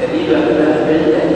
Deriva de una rebelde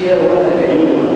الشيء وهذا العلم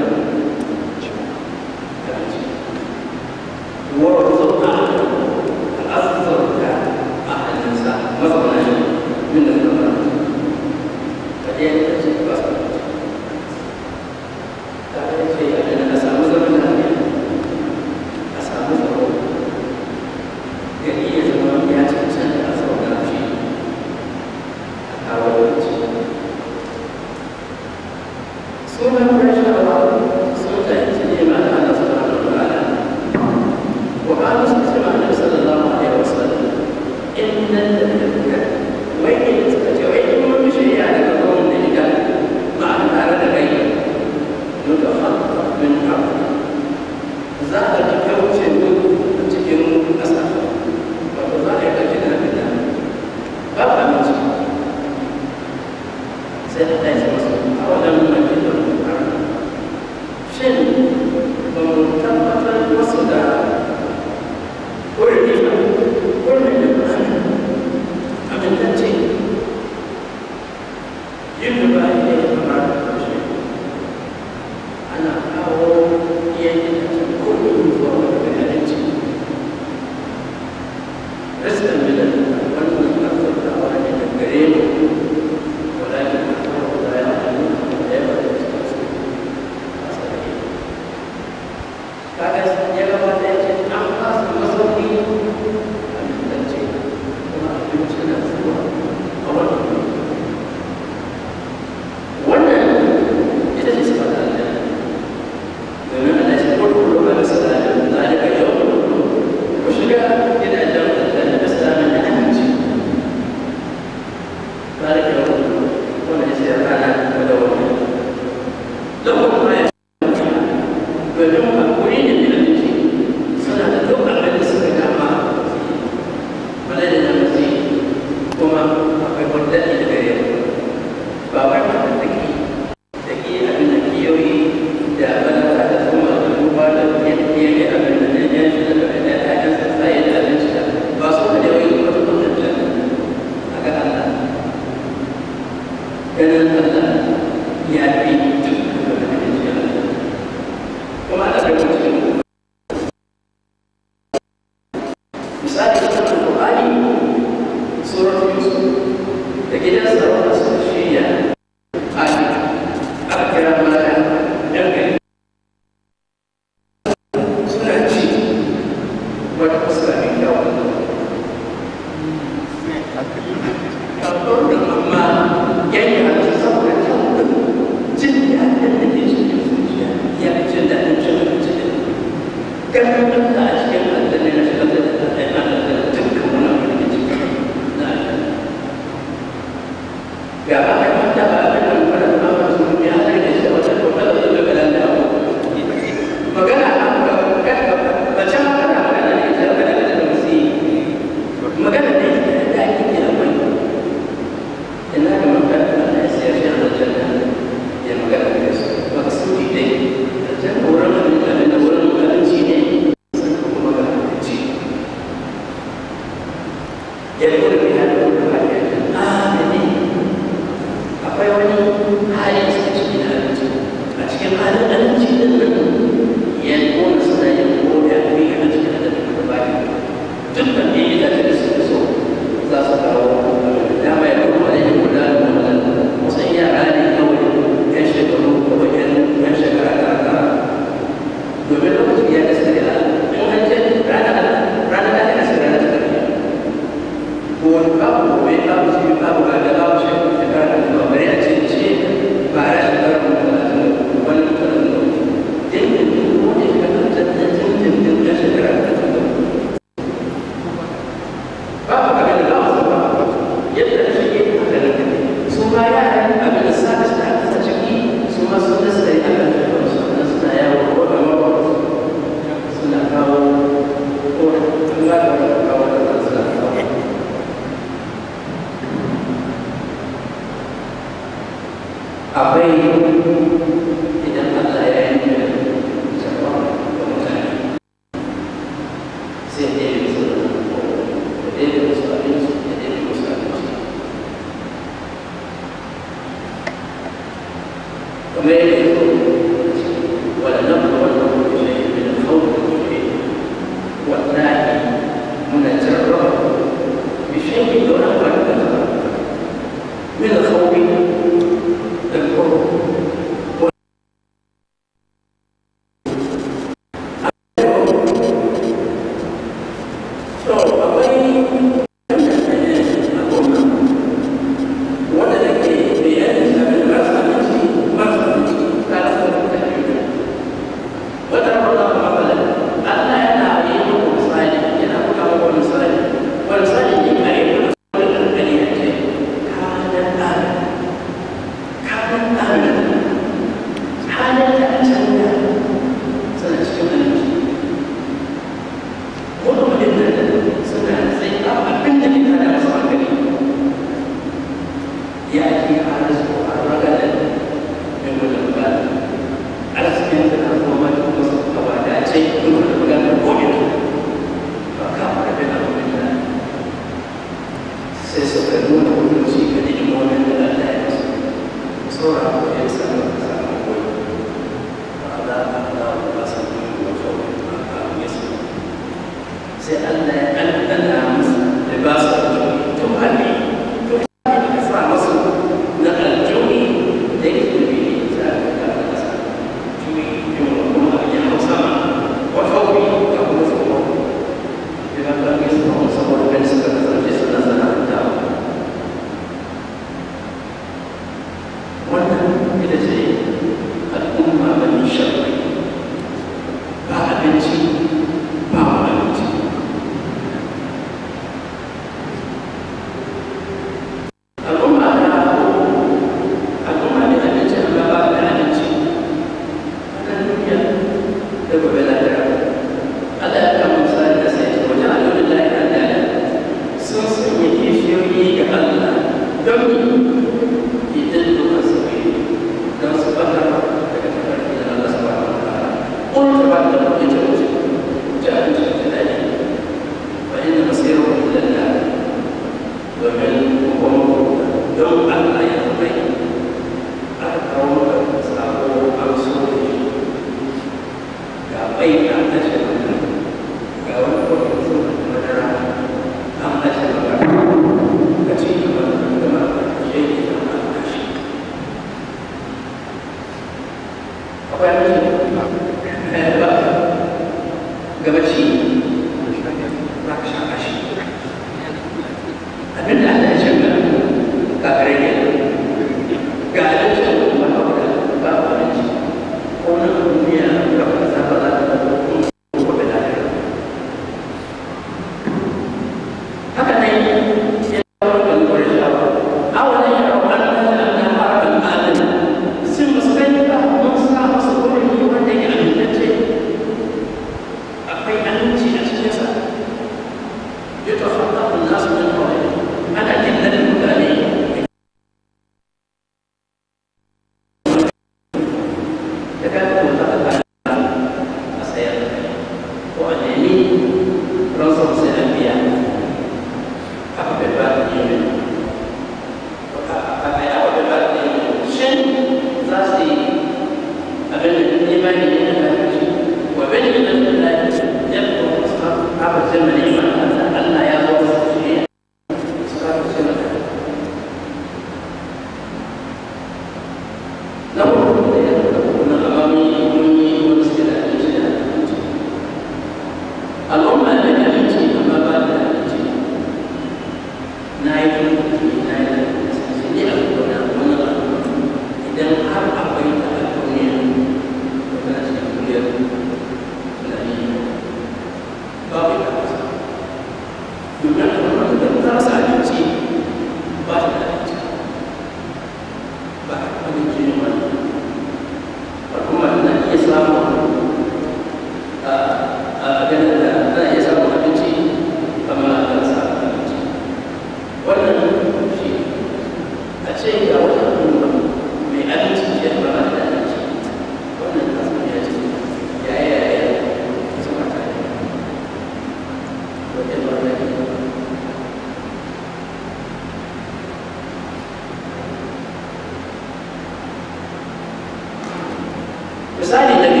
الإنسان الذي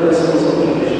Grazie.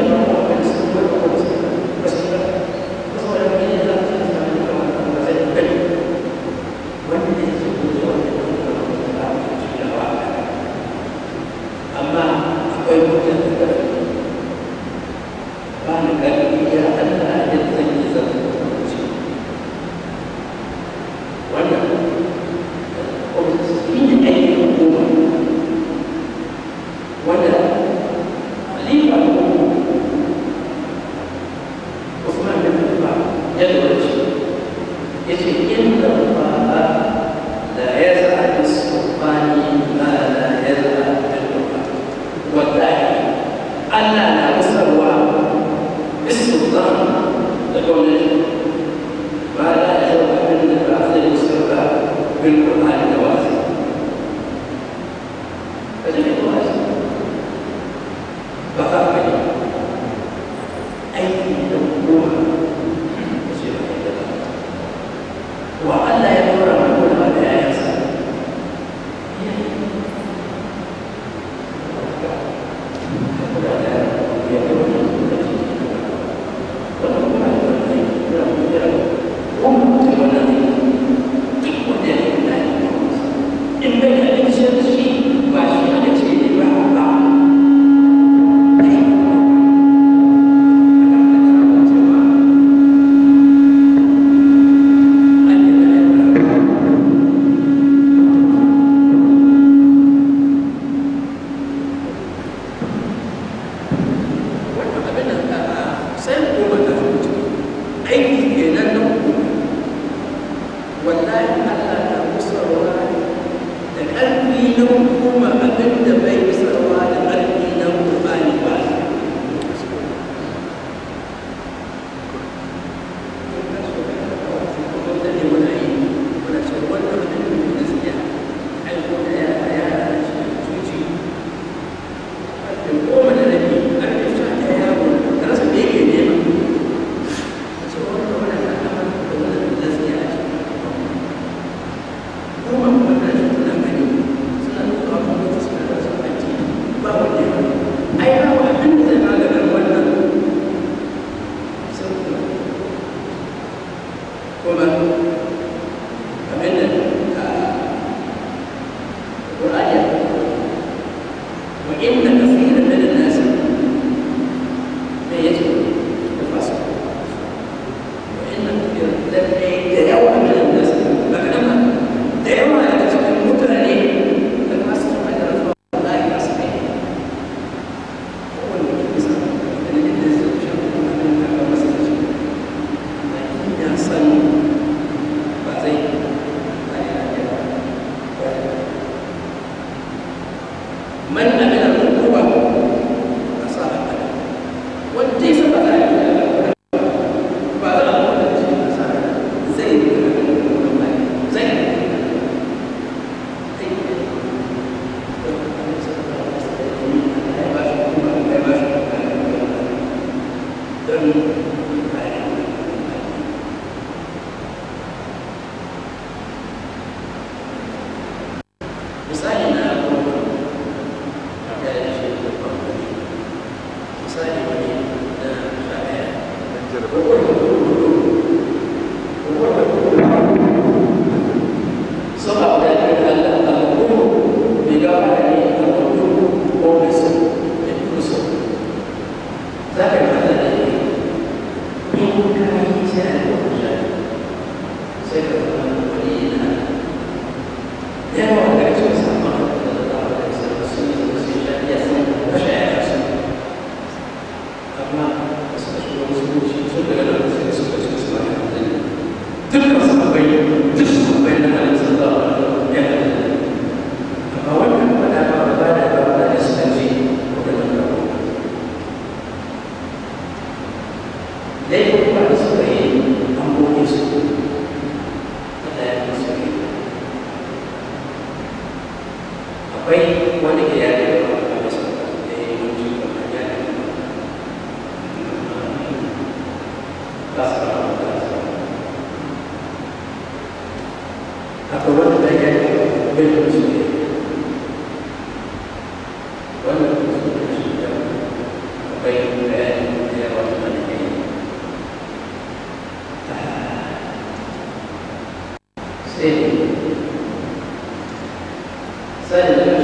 سلم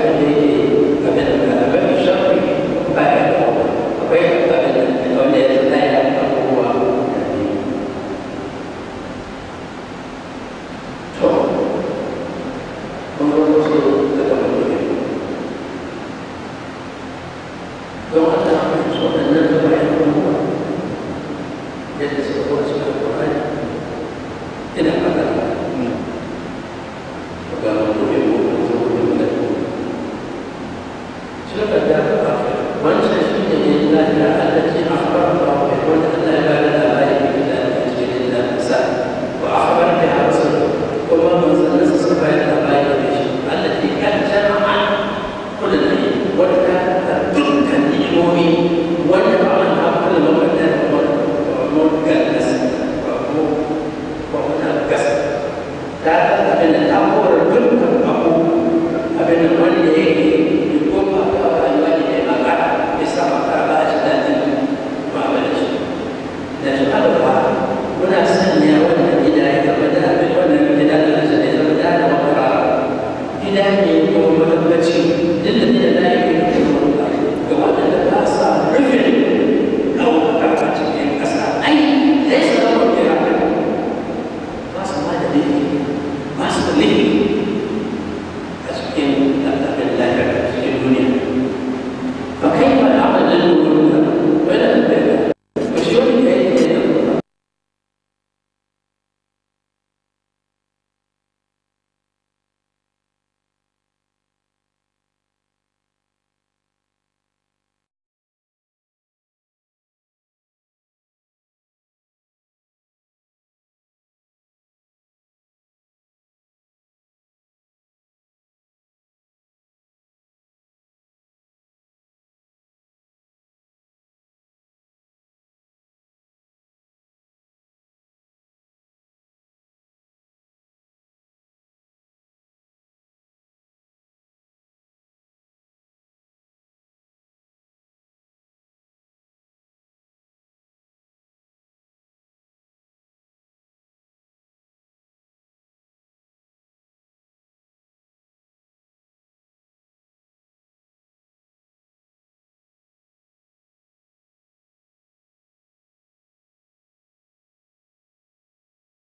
Gracias.